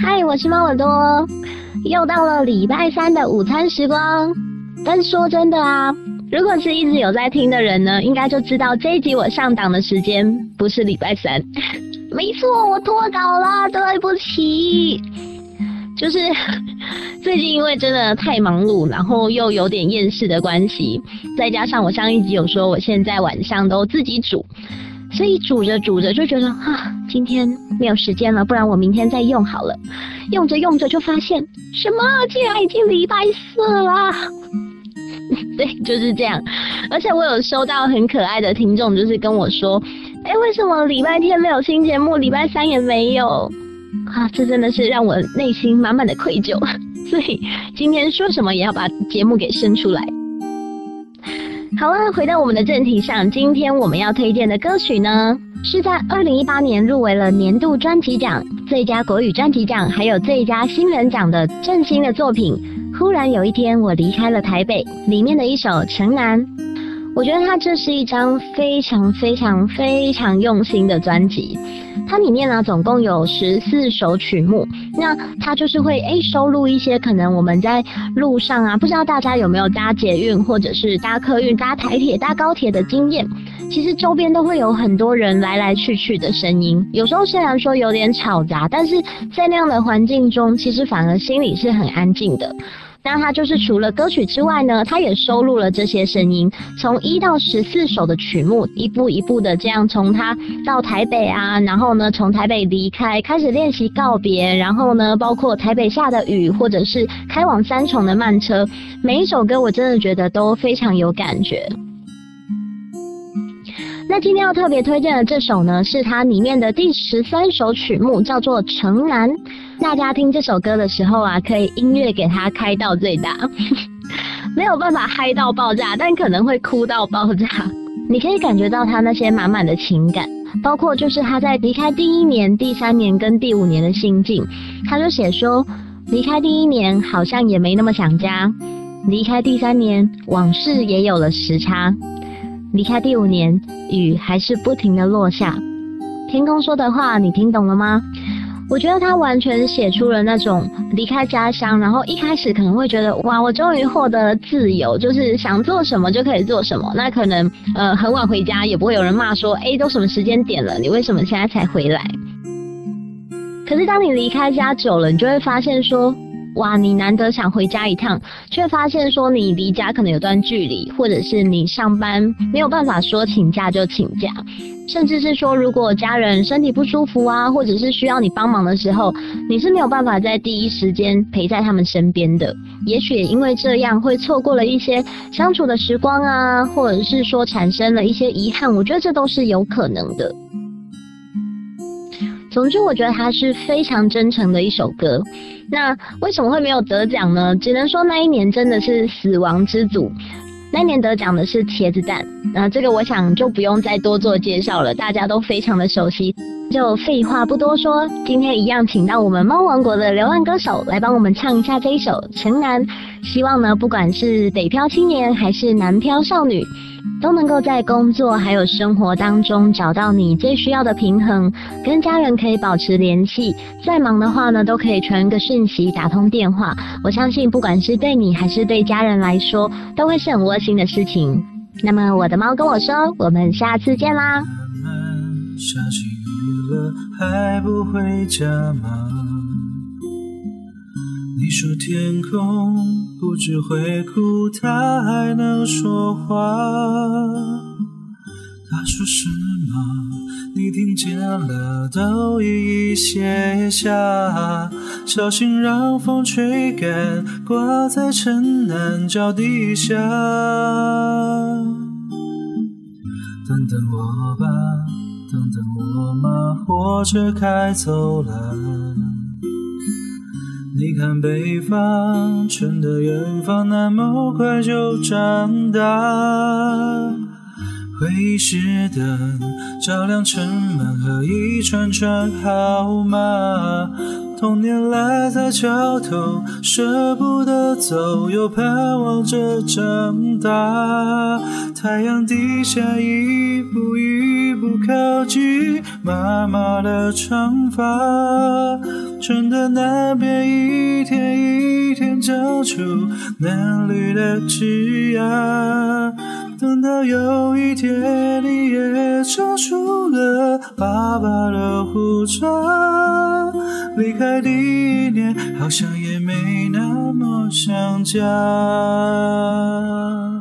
嗨，Hi, 我是貓耳朵，又到了禮拜三的午餐時光。但說真的啊，如果是一直有在聽的人呢，應該就知道這一集我上檔的時間不是禮拜三。沒錯，我脫稿了，對不起。就是最近因為真的太忙碌，然後又有點厭世的關係，再加上我上一集有說我現在晚上都自己煮。所以煮着煮着就覺得啊，今天沒有時間了，不然我明天再用好了。用着用着就發現什麼，竟然已經禮拜四了。 對，就是這樣。而且我有收到很可愛的聽眾，就是跟我說，哎、欸，為什麼禮拜天沒有新節目，禮拜三也沒有？啊，這真的是讓我內心滿滿的愧疚。所以今天說什麼也要把節目給生出來。好了、啊，回到我們的正題上，今天我們要推薦的歌曲呢，是在二零一八年入圍了年度專輯獎、最佳國語專輯獎，還有最佳新人獎的鄭興的作品《忽然有一天我離開了台北》，裡面的一首《城南》。我覺得它這是一張非常非常非常用心的專輯，它裡面呢、啊、總共有十四首曲目，那它就是會誒、欸、收錄一些可能我們在路上啊，不知道大家有沒有搭捷運或者是搭客運、搭台鐵、搭高鐵的經驗，其實周邊都會有很多人來來去去的聲音，有時候雖然說有點吵雜，但是在那樣的環境中，其實反而心裡是很安靜的。那他就是除了歌曲之外呢，他也收錄了這些聲音，從一到十四首的曲目，一步一步的這樣從他到台北啊，然後呢從台北離開開始練習告別，然後呢包括台北下的雨或者是開往三重的慢車，每一首歌我真的覺得都非常有感覺。那今天要特別推薦的這首呢，是它裡面的第十三首曲目，叫做《城南》。大家聽這首歌的時候啊，可以音樂給它開到最大， 沒有辦法嗨到爆炸，但可能會哭到爆炸。你可以感覺到他那些滿滿的情感，包括就是他在離開第一年、第三年跟第五年的心境。他就寫說，離開第一年好像也沒那麼想家，離開第三年往事也有了時差。離開第五年，雨還是不停的落下。天空說的話，你聽懂了嗎？我覺得他完全寫出了那種離開家鄉，然後一開始可能會覺得，哇，我終於獲得了自由，就是想做什麼就可以做什麼。那可能，呃，很晚回家也不會有人罵說，誒、欸，都什麼時間點了，你為什麼現在才回來？可是當你離開家久了，你就會發現說。哇，你難得想回家一趟，卻發現說你離家可能有段距離，或者是你上班沒有辦法說請假就請假，甚至是說如果家人身體不舒服啊，或者是需要你幫忙的時候，你是沒有辦法在第一時間陪在他們身邊的。也許因為這樣會錯過了一些相處的時光啊，或者是說產生了一些遺憾，我覺得這都是有可能的。總之，我覺得它是非常真誠的一首歌。那為什麼會沒有得獎呢？只能說那一年真的是死亡之組，那一年得獎的是茄子蛋。那這個我想就不用再多做介紹了，大家都非常的熟悉。就廢話不多說，今天一樣，請到我們貓王國的流浪歌手來幫我們唱一下這一首《城南》。希望呢，不管是北漂青年還是南漂少女，都能夠在工作還有生活當中找到你最需要的平衡，跟家人可以保持聯繫。再忙的話呢，都可以傳個訊息，打通電話。我相信，不管是對你還是對家人來說，都會是很窩心的事情。那麼，我的貓跟我說，我們下次見啦。了，還不回家嗎？你說天空不只會哭，它還能說話。他說什麼？你聽見了？都一一寫下，小心讓風吹乾，掛在城南角底下。等等我吧。等我嗎，火車開走了。你看北方，純的遠方，那麼快就長大。回憶是燈，照亮城門和一串串號碼。童年賴在橋頭，捨不得走，又盼望着長大。太陽底下，一步一靠近媽媽的長髮，春的那邊一天一天長出嫩綠的枝芽。等到有一天，你也長出了爸爸的鬍茬，離開第一年，好像也沒那麼想家。